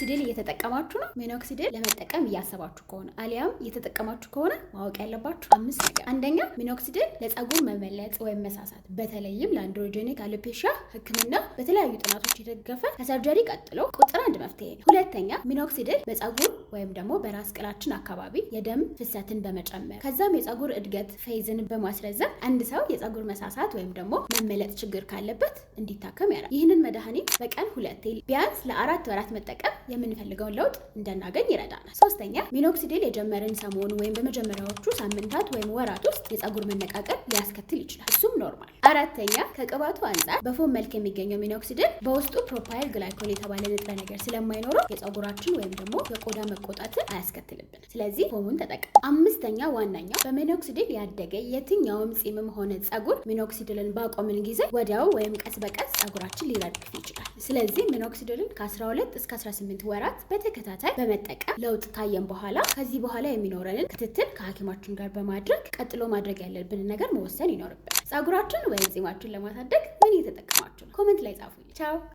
ሚኖክሲዲል እየተጠቀማችሁ ነው። ሚኖክሲድል ለመጠቀም እያሰባችሁ ከሆነ አሊያም እየተጠቀማችሁ ከሆነ ማወቅ ያለባችሁ አምስት ነገር፣ አንደኛ ሚኖክሲድል ለጸጉር መመለጥ ወይም መሳሳት በተለይም ለአንድሮጀኒክ አሎፔሻ ሕክምና በተለያዩ ጥናቶች የተደገፈ ከሰርጀሪ ቀጥሎ ቁጥር አንድ መፍትሄ ነው። ሁለተኛ ሚኖክሲድል በጸጉር ወይም ደግሞ በራስ ቅላችን አካባቢ የደም ፍሰትን በመጨመር ከዛም የጸጉር እድገት ፌዝን በማስረዘም አንድ ሰው የጸጉር መሳሳት ወይም ደግሞ መመለጥ ችግር ካለበት እንዲታከም ያደርጋል። ይህንን መድኃኒት በቀን ሁለቴ ቢያንስ ለአራት ወራት መጠቀም የምንፈልገውን ለውጥ እንድናገኝ ይረዳናል። ሶስተኛ ሚኖክሲዲል የጀመርን ሰሞኑ ወይም በመጀመሪያዎቹ ሳምንታት ወይም ወራት ውስጥ የፀጉር መነቃቀል ሊያስከትል ይችላል። እሱም ኖርማል አራተኛ ከቅባቱ አንጻር በፎም መልክ የሚገኘው ሚኖክሲድን በውስጡ ፕሮፓይል ግላይኮል የተባለ ንጥረ ነገር ስለማይኖረው የፀጉራችን ወይም ደግሞ የቆዳ መቆጣትን አያስከትልብን። ስለዚህ ፎሙን ተጠቀም። አምስተኛ ዋናኛው በሚኖክሲድል ያደገ የትኛውም ጺምም ሆነ ፀጉር ሚኖክሲድልን ባቆምን ጊዜ ወዲያው ወይም ቀስ በቀስ ፀጉራችን ሊረግፍ ይችላል። ስለዚህ ሚኖክሲድልን ከ12 እስከ 18 ወራት በተከታታይ በመጠቀም ለውጥ ካየን በኋላ ከዚህ በኋላ የሚኖረንን ክትትል ከሐኪማችን ጋር በማድረግ ቀጥሎ ማድረግ ያለብንን ነገር መወሰን ይኖርብናል። ፀጉራችን ወይም ጺማችሁን ለማሳደግ ምን እየተጠቀማችሁ ነው? ኮመንት ላይ ጻፉ። ቻው